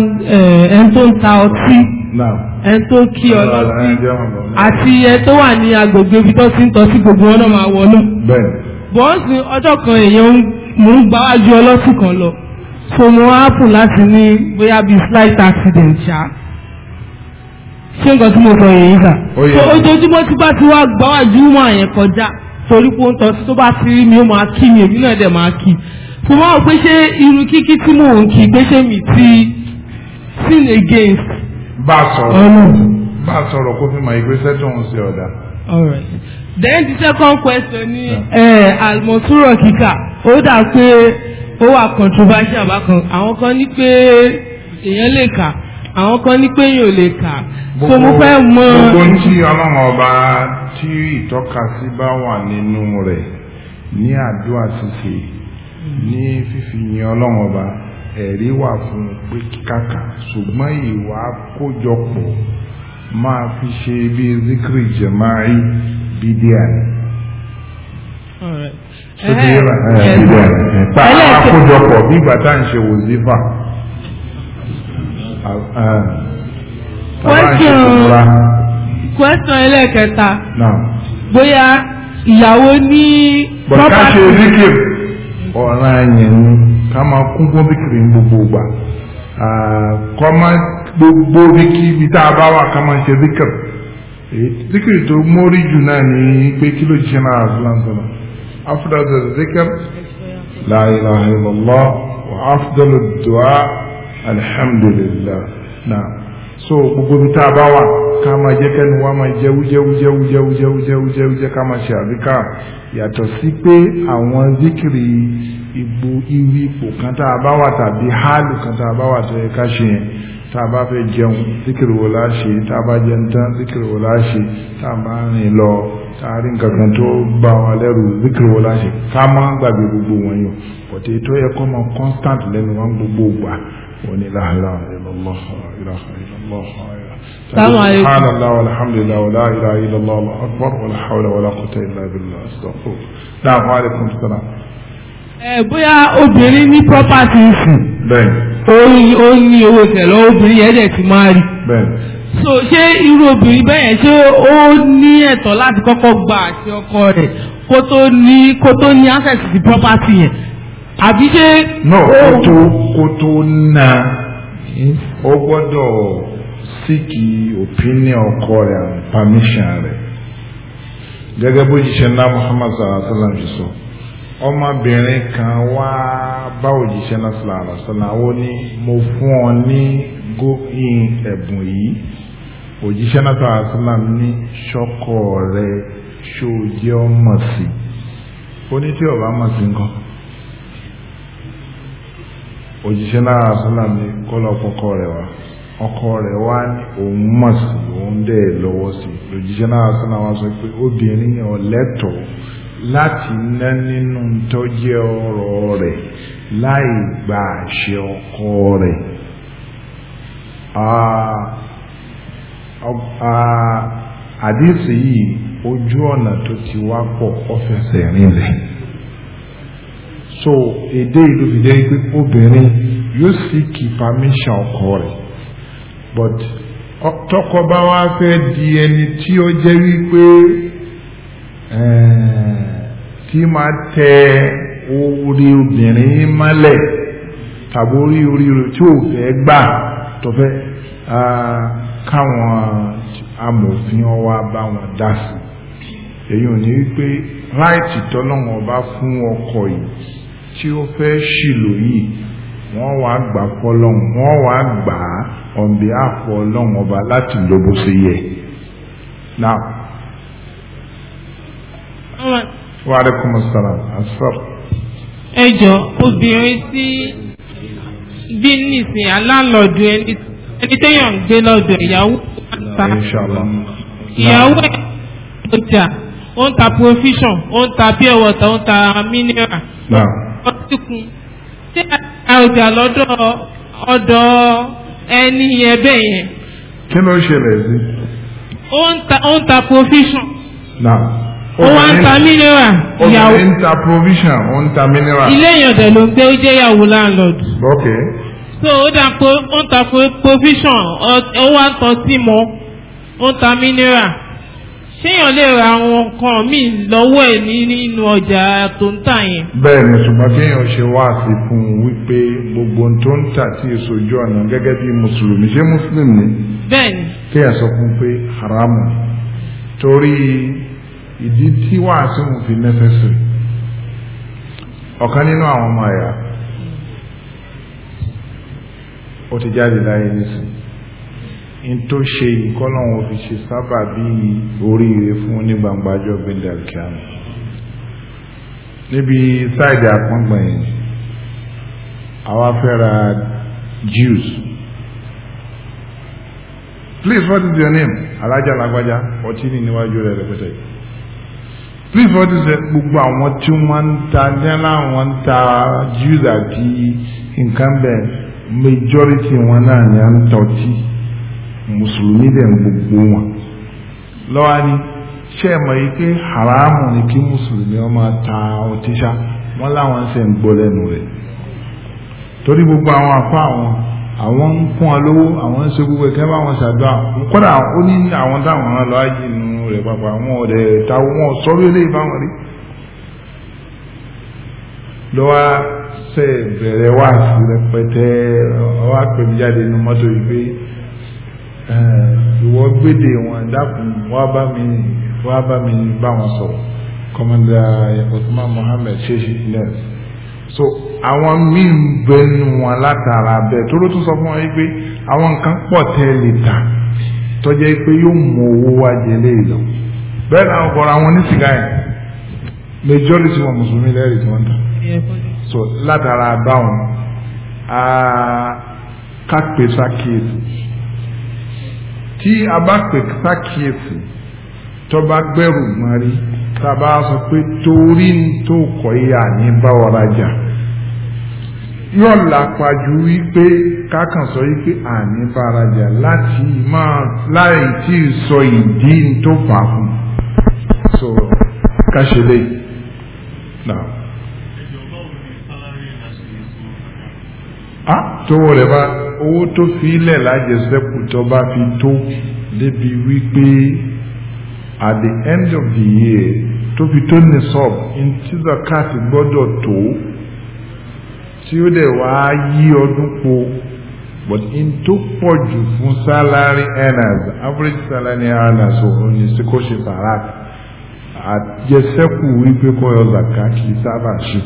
ẹn tó ń ta ọtí ẹn tó kí ọlọ́tí àti ẹ tó wà ní agbègbè ibi tó ti ń tọ́ sí gbogbo wọn máa wọ náà bọ́ọ̀sì ọjọ́ kan èèyàn mò ń gbá wájú ọlọ́tí kan lọ so mo á fò láti ní bóyá bíi slight accident ṣáá ṣé nǹkan tí mo sọ yìí sà. ojoojúmọ́ tí bá ti wá gbáwájú mọ́ àyẹn kọjá torí pé ó ń tọ́ sí tó bá ti rí mi ó máa kí mi èmi náà dẹ̀ máa kí i fún wa pé ṣé irú kíkí tí mò ń kí pé ṣé mi ti sin against. bá a sọ̀rọ̀ bá a sọ̀rọ̀ kó fi mọ ìgbésẹ̀ tó ń ṣe ọ̀dà. then the second question ni almosuro kíkà ó dà pé ó wà controversial bákan àwọn kan ní pé èèyàn lè kà àwọn kan ní pé èèyàn ò lè kà so mo fẹ́ mọ. gbogbo ń tí ọlọ́run ọba tí ìtọ́kasí bá wà nínú rẹ̀ ní àdúrà ṣíṣe ní fífi yin ọlọ́run ọba ẹ̀rí wà fún pé kàkà ṣùgbọ́n ìwà àkójọpọ̀ máa fi ṣe bí zikiri jẹ̀máì bídíà ni. àkójọpọ̀ bí ìgbà tá à ń ṣe wòzífà. kwẹ́sàn ẹlẹ́kẹta bóyá ìyàwó ní. bọ̀dá ṣe zikiri ọ̀ràn àyàn ni ká máa kún fún bíkìrì ní gbogbo ìgbà kọ́ máa gbogbo bíkì bí tá a bá wà ká máa ṣe bíkìrì zikiri tó mórí jù náà ní pé kí ló jíṣẹ́ náà àfúlàntàn afúdàdà zikir la ilaha illallah wa afdalu du'a alhamdulillah náà so gbogbo bí tá a bá wà ká máa jẹ́ kẹ́nu wá máa jẹ́ wújẹ́ wújẹ́ wújẹ́ wújẹ́ wújẹ́ wújẹ́ wújẹ́ ká máa ṣe àríkà yàtọ̀ sí pé àwọn zikiri ìbò iwi ipò kan tá a bá wà tàbí hálù kan tá a bá wà tó yẹ ká ṣe yẹn tá a bá fẹ́ jẹun zikiri wò láṣe tá a bá jẹ tán zikiri wò láṣe tá a bá rìn lọ tá a rí nǹkan kan tó bá wa lẹ́rù zikiri wò láṣe ká máa gbàgbé gbogbo wọn yàn pọ̀tẹ́ tó yẹ kọ́ mọ constant lẹ́nu wọn gbogbo gbà. وإن لا إله إلا الله لا إله إلا الله سبحان الله والحمد لله ولا إله إلا الله الله أكبر ولا حول ولا قوة إلا بالله أستغفر الله نعم وعليكم السلام bóyá obìnrin ní property issue oyin oyin ní owó tẹ̀lọ́ obìnrin yẹn dẹ̀ ti máa rí so ṣé irú obìnrin bẹ́ẹ̀ ṣé ó ní ẹ̀tọ́ láti kọ́kọ́ gba àti ọkọ rẹ̀ kó tó ní kó tó ní access sí property yẹn àbí No, náà kó tó ó síkì ọkọ rẹ̀ permission rẹ gẹ́gẹ́ bó jíṣẹ́ ńlá Muhammad sallallahu alayhi wa sallam ṣe sọ ọmọbìnrin kan wá bá náà wa ó ní mo fún ọ ní gómìn ẹ̀bùn yìí náà ní ṣọkọ ṣó ọmọ sí i ó òjíṣẹ́ náà sọ́nà ní kọ́lọ̀ fọ́kọ́ rẹ̀ wá ọkọ rẹ̀ wá ní òun mọ̀ sí òun dẹ̀ lọ́wọ́ sí òjíṣẹ́ náà sọ́nà wá sọ pé obìnrin yẹn ò lẹ́tọ̀ọ́ láti ná nínú tó jẹ́ rẹ̀ láì gba àṣẹ ọkọ rẹ̀ àdìsí yìí ojú ọ̀nà tó ti wá pọ̀ ọ̀fẹsẹ̀ rinlẹ̀. so èdè ìlú fi jẹ́ pé obìnrin yóò sì kì permission ọkọ rẹ̀ but tọkọ bá wá fẹ́ di ẹni tí ó jẹ́ wípé eh, tí máa tẹ orí obìnrin mọ́lẹ̀ tàbí orí orí rẹ̀ tí ò fẹ́ gbà tó fẹ́ káwọn amòfin ọwọ́ bá wọn dá sí èyí ò ní wípé ráìtì tọ́lọ́wọ́n ọba fún ọkọ yìí. tí ó fẹ́ ṣìlò yìí wọ́n wá gbà fọlọ́n wọ́n wá gbà á ọ̀nbí àfọ̀ ọlọ́run ọba láti lò bó ṣe yẹ. now. wa aleykum salaam asar. ẹ jọ obìnrin tí bí nìsín aláǹlọ́dù ẹni téèyàn ń gbé lọ́dọ̀ ìyàwó ta ìyàwó ẹ̀ ọjà ó ń ta provision ó ń ta pure water ó ń ta mineral ti kun ṣé àgbà ọjà lọ́dọ̀ ọ̀dọ̀ ẹni yẹn bẹ́ẹ̀ yẹn. kí ló ń ṣẹlẹ̀ sí. ó ń ta ó ń ta provision. na ó wá ń ta mineral. ìyàwó obìnrin ń ta provision ó ń ta mineral. ilé ìyọ̀dẹ̀ ló ń gbé ó jẹ́ ìyàwó landlord. ok. so ó dà pé ó ń ta provision ó wá ń tọ́ sí mọ́ ó ń ta mineral ṣéyàn lè ra àwọn nǹkan míì lọ́wọ́ ẹ̀ nínú ọjà tó ń tà yẹn. bẹ́ẹ̀ ni ṣùgbọ́n kéèyàn ṣe wá sí fún un wípé gbogbo tó ń tà tí èso ojú ọ̀nà gẹ́gẹ́ bí mùsùlùmí ṣé mùsùlùmí ni. bẹ́ẹ̀ ni. kéèyàn sọ fún un pé haramu torí ìdí tí wàásù ń fi necessary ọ̀kan nínú àwọn ọmọ ẹ̀yà ó ti jáde láyé nísìnyí. tó ṣe ìkọ́lọ̀wọ̀n fi ṣe sábà bí oríire fún ní gbangbajọ́ gbẹ̀dẹ̀ kíámù níbi sáìdì àpọ́ngbọ̀n yẹn àwa fẹ́ Jews please what is your name alájà lágbájá ọtí ní níwájú rẹ̀ rẹpẹtẹ please what is your gbogbo àwọn tí ma ń ta jẹ́lá wọ́n ń ta Jews àti nǹkan bẹ́ẹ̀ majority wọn náà ni à ń mùsùlùmí dẹ̀ ń gbogbo wọn lọ́wọ́ ni ṣe é mọ̀ yìí pé haramu ni kí mùsùlùmí ó máa ta ọtí ṣá wọ́n láwọn ṣe ń gbọ́ lẹ́nu rẹ̀ torí gbogbo àwọn afọ àwọn àwọn ń kún ọ lówó àwọn ń ṣe gbogbo ẹ̀kẹ́ bá wọn ṣàdúrà kódà ó ní àwọn táwọn ọ̀ràn lọ́wọ́ yìí nù rẹ̀ pàpà àwọn ọ̀rẹ́ táwọn sọ́rọ́ eléyìí báwọn rí lọ́wọ́ ṣe bẹ̀rẹ̀ wá sí rẹpẹtẹ ọwọ́ àpèmíjáde nínú mọ́tò yìí pé ìwọ gbédè wọn dákun wá bá mi wá bá mi bá wọn kọmọdà Muhammed so àwọn míì ń latara wọn látara bẹ́ẹ̀ tó ló tún sọ fún wọn pé àwọn nǹkan pọ̀ tẹ́lẹ̀ ta tọ́jà pé yóò mú owó wá jẹ lọ bẹ́ẹ̀ náà ọ̀gọ̀rọ̀ àwọn yẹn majority wọn mùsùlùmí tí a bá pè sákìyèsí tó bá gbẹ̀rù mọ́rí tá a bá sọ pé torí ń tó kọ́ ìyá ní báwa rajà yóò lápá ju wípé kákan sọ wípé àní bárajà láti máa láì tí ì sọ ìdí tó fà fún so ká ṣe náà. tówó rẹ̀ bá owó tó fi ilẹ̀ lájẹsẹ́kù tó fi tó débi wípé at the end of the year tó fi tó ní sọ́ọ̀bù ntí zakat gbọ́dọ̀ tó tí ó dẹ̀ wá yí ọdún po but in tó pọ̀ jù fún salary earners average salary earners òun ni sí kó ṣe barat àjẹsẹ́kù wípé kọ́ yọ zakat kì í sábà ṣe.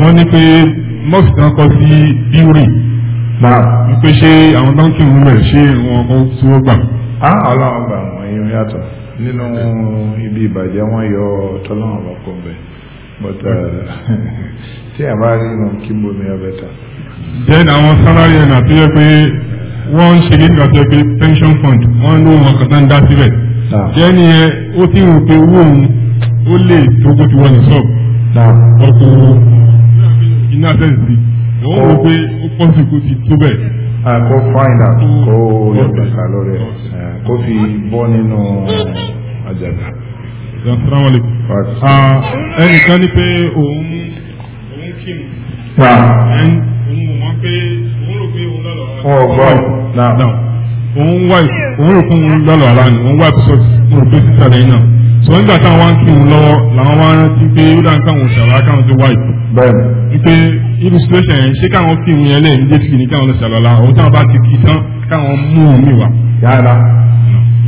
wọ́n ní pé mọ́ọ̀sì tán kọ sí bíórì ń ṣé àwọn tó ń kí ṣé wọn kọ́ tí wọ́n gbà. ha ọlọ́run gbà wọ́n yín yàtọ̀ nínú ibi ìbàjẹ́ wọ́n yọ tọ́lọ́run lọ́kọ̀ bẹ̀ but uh, tí a bá rí inú kí ọbẹ̀ ta. then àwọn tó yẹ pé pension fund wọ́n ń lò wọn ń dá síbẹ̀. jẹ́ ó ó lè tó kó ti wọ́n ní sọ́ọ̀bù náà ọkọ̀ iná sẹ́ǹsì wọ́n wọ́n pé ó pọ̀ sí kó ti tó bẹ́ẹ̀. kó fáìnà kó yọ kàkà lórí ẹ kó fi bọ́ nínú àjàgà. Assalamu alaikum. ẹnìkan ní pé òun òun kí ni. òun mọ̀ wọ́n pé òun rò pé òun lọ́lọ́ ọ̀rọ̀. ọ̀gbọ́n náà òun wà òun rò pé òun lọ́lọ́ ọ̀rọ̀ ni òun wà sọ́ọ̀tì òun rò pé sísàlẹ̀ yìí náà ṣùgbọ́n nígbà táwọn wá ń kí wọn lọ́wọ́ làwọn wá rántí pé ó dá nǹkan àwọn ṣàlá káwọn tó wáyé. bẹ́ẹ̀ni. wípé irú situation yẹn ṣé káwọn kí wọn yẹn lẹ́yìn ní déṣì ní káwọn lọ ṣàlọ́lá òun táwọn bá ti kí tán káwọn mú un mi wá. yàrá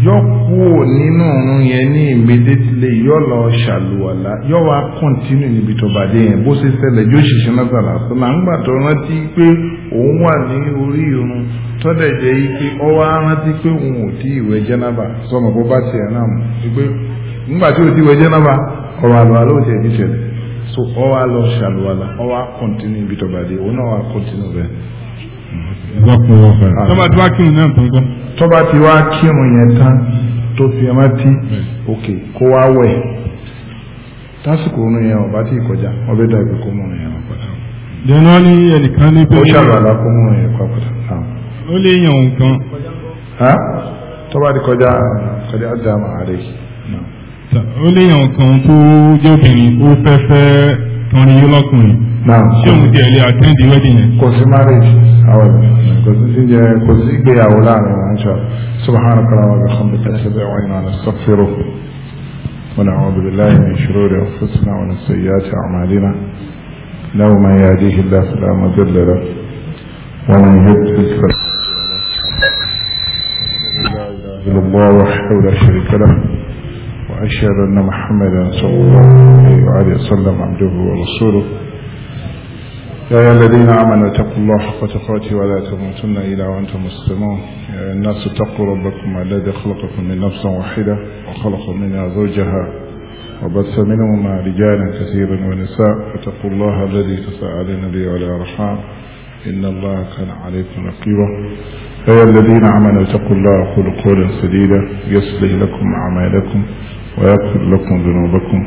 yọ kúrò nínú ọ̀run yẹn ní immediately yọ lọ ṣàlùwàlá yọ wá continue níbi tó bá dé yẹn bó ṣe ṣẹlẹ̀ yóò ṣiṣẹ́ lásàlá sọlá ńgbà tó rántí pé òun wà ní orí irun tọ́dẹ̀ jẹ́ yí pé ọwọ́ á rántí pé òun ò tí ìwẹ̀ jẹ́nábà sọmọ bó bá tiẹ̀ náà mú wípé nígbà tí o ti wẹ̀ jẹ́nàbà ọ̀rọ̀ àlùwàlá ò so ọwọ́ àlọ́ ṣàlùwàlá ọwọ́ àkọ́ntínú ibi tọ́ba dé òun náà wà àkọ́ntínú tí wàá tí wàá tán tó fi ẹmá tí òkè kó wá tásìkò òun yẹn tí ìkọjá ni ẹnìkan ní pé. ó ó ó léyàn kan tó jẹ́ obìnrin ó fẹ́ fẹ́ kan ní lọ́kùnrin ṣé òun ti ẹ̀lẹ́ attend the wedding yẹn. kò sí marriage àwọn kò sí sí jẹ kò sí ìgbéyàwó láàrin wọn ṣá subhanahu wa ta'ala wa bihamdihi astaghfiruka wa inna nastaghfiruh wa na'udhu billahi min shururi anfusina wa min sayyiati a'malina له من يهديه الله فلا مضل له ومن يضلل فلا هادي له لا اله الا الله وحده لا شريك له وأشهد أن محمدا صلى الله عليه وآله وسلم عبده ورسوله يا أيها الذين آمنوا اتقوا الله حق تقاته ولا تموتن إلا وأنتم مسلمون يا الناس اتقوا ربكم الذي خلقكم من نفس واحدة وخلق منها زوجها وبث منهما رجالا كثيرا ونساء فاتقوا الله الذي تساءلون به والأرحام إن الله كان عليكم رقيبا يا الذين آمنوا اتقوا الله وقولوا قولا سديدا يصلح لكم أعمالكم ويغفر لكم ذنوبكم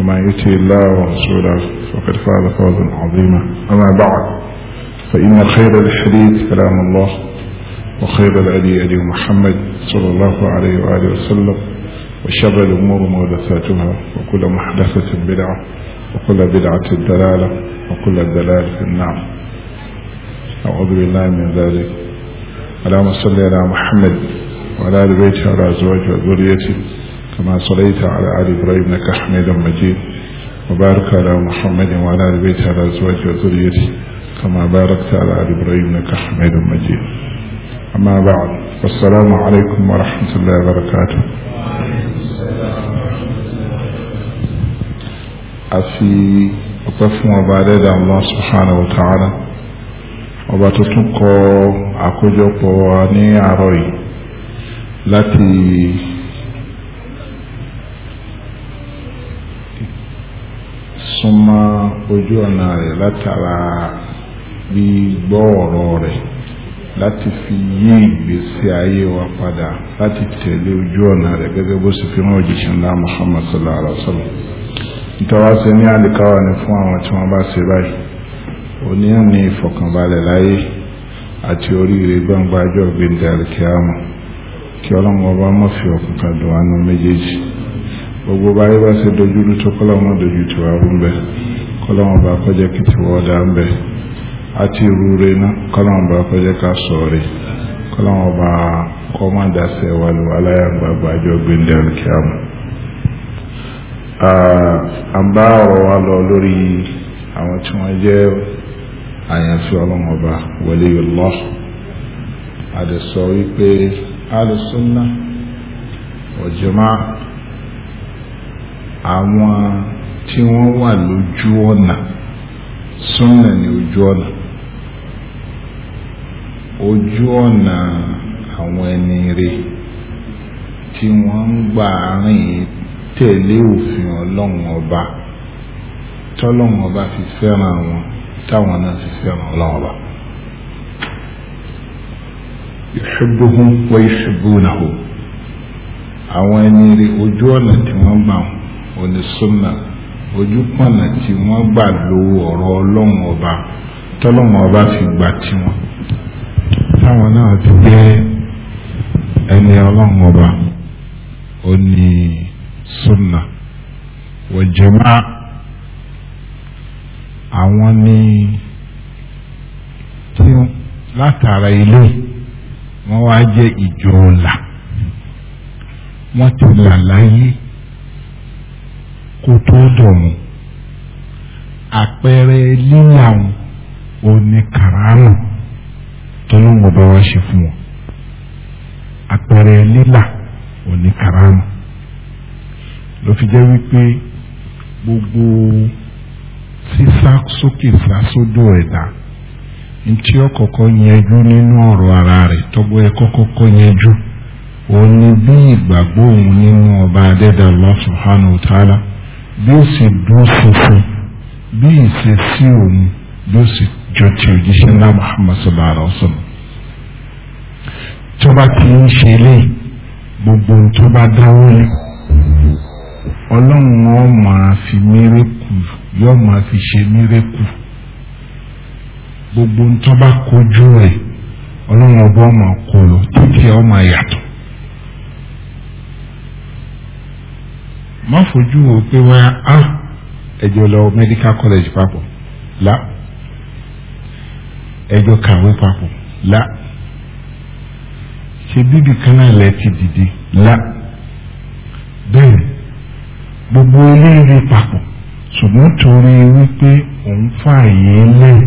ومن يطع الله ورسوله فقد فاز فوزا عظيما أما بعد فإن خير الحديث كلام الله وخير الأدي أدي محمد صلى الله عليه وآله وسلم وشر الأمور محدثاتها وكل محدثة بدعة وكل بدعة دلالة وكل دلالة في أعوذ بالله من ذلك اللهم صل على محمد وعلى آل بيته وعلى أزواجه وذريته كما صليت على آل إبراهيم إنك حميد مجيد وبارك على محمد وعلى آل بيته على أزواجه وذريته كما باركت على آل إبراهيم إنك حميد مجيد أما بعد والسلام عليكم ورحمة الله وبركاته أفي أطف مبارد الله سبحانه وتعالى وباتتنقو أكو ta'ala ọba tó tún súnmọ́ ojú ọ̀nà rẹ̀ látara gbígbọ́ ọ̀rọ̀ rẹ̀ láti fi yí ìgbésí ayé wa padà láti tẹ̀lé ojú ọ̀nà rẹ̀ gẹ́gẹ́ bó sì fi rán òjìṣẹ́ ńlá Muhammad sallallahu alaihi wa sallam ìtọ́wá ṣe ní àlìkáwà ni fún àwọn tí wọ́n bá ṣe báyìí oníyàn ní ìfọ̀kànbalẹ̀ láyé àti oríire gbangba ọjọ́ gbẹ̀ndẹ̀ àlìkíyàmọ̀ kí ọlọ́run ọba mọ̀ fi ọkùnkan dùn ánú méjèèjì gbogbo báyé bá ṣe dojú rú tó kọ́lọ́mọ́ dojú ti wà rú mbẹ́ kọ́lọ́mọ́ ti wọ́ dá mbẹ́ àti irú rẹ̀ náà kọ́lọ́mọ́ bá kọjá ká sọ̀rẹ̀ kọ́lọ́mọ́ bá kọ́ má dáṣẹ́ wà lù lọ àwọn tí wọ́n wà lójú ọ̀nà súnà ní ojú ọ̀nà ojú ọ̀nà àwọn ẹni rẹ̀ tí wọ́n ń gbà rìn tẹ̀lé òfin ọlọ́run ọba tọ́lọ́run ọba fi fẹ́ràn wọn táwọn náà fi fẹ́ràn ọlọ́run ọba. yuhibbuhum wa yuhibbunahu àwọn ẹni rẹ̀ ojú ọ̀nà tí wọ́n gbà wọn onísúnà ojúpọ̀nà tí wọ́n gbà lo ọ̀rọ̀ ọlọ́run ọba tọ́lọ́run ọba fi gbà tiwọn táwọn náà ti jẹ́ ẹni ọlọ́run ọba onísúnà wọ̀jẹ̀má àwọn ni tí látara ilé wọ́n wá jẹ́ ìjọ ọ̀la wọ́n ti là láyé kó tó dọ̀run àpẹẹrẹ lílà wọn ò ní kàràmù tọ́lọ́mù ọba wa ṣe fún wọn àpẹẹrẹ lílà ò ní kàràmù ló fi jẹ́ wípé gbogbo sísá sókè sásódò ẹ̀dá ntí ó kọ́kọ́ yẹjú nínú ọ̀rọ̀ ara rẹ̀ tọ́gbọ́ ẹ kọ́kọ́ kọ́ yẹjú òun ni bí ìgbàgbọ́ òun nínú ọba adẹ́dàá Allah subhanahu wa ta'ala. bí ó sì dúró ṣinṣin bí ìṣesí òun bí ó sì jọ ti òjíṣẹ́ náà Muhammad sallallahu alaihi wa sallam tó bá ti ń ṣe eléyìí gbogbo tó bá dáwọ́ lé ọlọ́run ó máa fi mírèkù yóò máa fi ṣe má fojú wo pé wá á ẹjọ lọ medical college papọ̀ la ẹjọ kàwé papọ̀ la ṣe bíbí kan náà lẹ ti dìde la bẹ́ẹ̀ gbogbo eléyìí papọ̀ ṣùgbọ́n torí wípé òun fààyè lẹ̀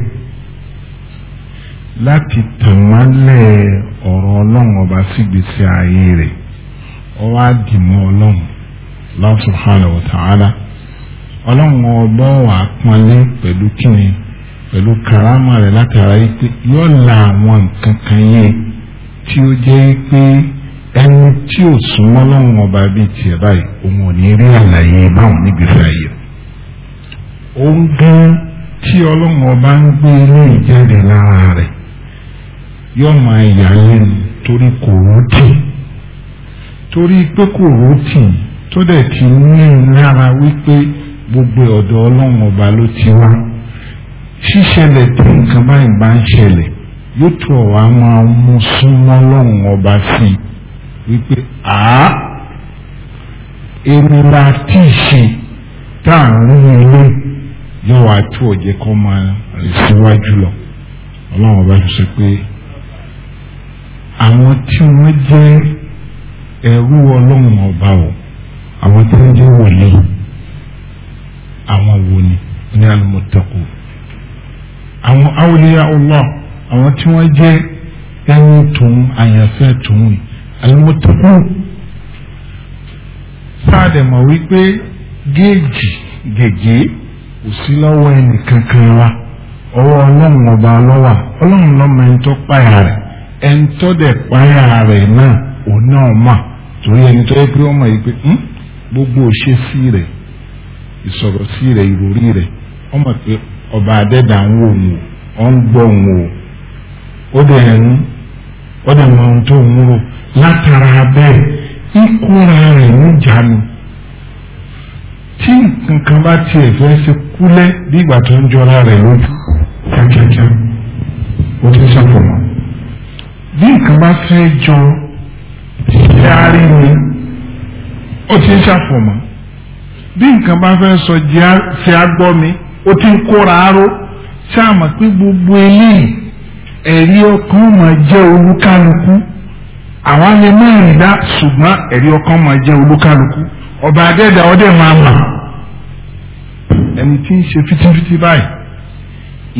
láti tẹ̀wálẹ̀ ọ̀rọ̀ ọlọ́run ọba sígbèsè ààyè rẹ̀ ọwọ́ àdìmọ́ ọlọ́run. Allah subhanahu wa ta'ala ọlọ́run ọbọ̀ wà pọ́nlé pẹ̀lú kíni pẹ̀lú karama rẹ̀ látara yìí pé yóò la àwọn nǹkan kan yẹn tí ó jẹ́ pé ẹni tí ò súnmọ́ lọ́run ọba bíi tiẹ̀ báyìí òun ò ní rí àlàyé báwọn nígbèsè ayé òun gan tí ọlọ́run ọba ń gbé ilé ìjáde lára rẹ̀ yóò máa yà lẹ́nu torí kò rútì torí pé kò rútì tó dẹ̀ ti ní lára wípé gbogbo ọ̀dọ̀ ọlọ́run ọba ló ti wá ṣíṣẹlẹ̀ tí nǹkan báyìí bá ń ṣẹlẹ̀ yóò tó ọ̀wá máa mú súnmọ́ ọlọ́run ọba sí i wípé àá èmi la tí ì ṣe tá à ń rí ilé yóò wá tó ọ̀jẹ̀ kọ́ máa rìn síwájú lọ ọlọ́run ọba ṣe sọ pé àwọn tí wọ́n jẹ́ ẹrú ọlọ́run ọba o. àwọn tí ń jẹ́ wòlé àwọn wo ni ní alimọ̀tẹ́kù àwọn awliya Allah àwọn tí wọ́n jẹ ẹni tòun àyànfẹ́ tòun alimọ̀tẹ́kù sáàdì mọ̀ wípé géèjì gègé kò sí lọ́wọ́ ẹnì kankan wa ọwọ́ ọlọ́run ọba lọwà ọlọ́run lọ́mọ ẹni tó páyà ẹni tó náà òun náà mà torí ẹni tó yẹ gbogbo òṣèṣì rẹ̀ ìsọ̀rọ̀ isoro ìròrí rẹ̀ ó pé ọba adẹ́dà ń wò wò ó ń gbọ́ wò ó dẹ̀ ń ó dẹ̀ mọ ohun tó ń rò látara bẹ́ẹ̀ ìkóra rẹ̀ níjànú tí nǹkan bá tiẹ̀ fẹ́ ṣe kúlẹ̀ bí ìgbà tó ń jọra rẹ̀ ti bí nǹkan bá fẹ́ jọ ṣe ni. ó ti ń ṣàfọ̀mọ́ bí nǹkan bá fẹ́ sọ ṣe agbọ́ mi ó ti ń kóra aró ṣáàmà pé gbogbo eléyìí ẹ̀rí ọkàn máa jẹ́ olúkálukú àwa lè má rìn dá ṣùgbọ́n ẹ̀rí ọkàn máa jẹ́ olúkálukú ọba adẹ́dà ọdẹ máa mà ẹni tí ń ṣe fitifiti báyìí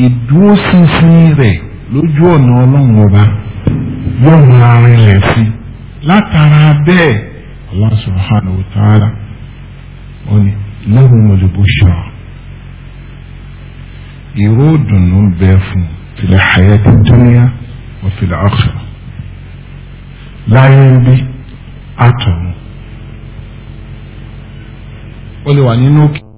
ìdúróṣinṣin rẹ̀ lójú ọ̀nà ọlọ́run ọba yóò máa rinlẹ̀ sí látara bẹ́ẹ̀. الله سبحانه وتعالى لهم البشرى يرود النبيف في الحياة الدنيا وفي الآخرة لا ينبي أتو ولو أن ينوكي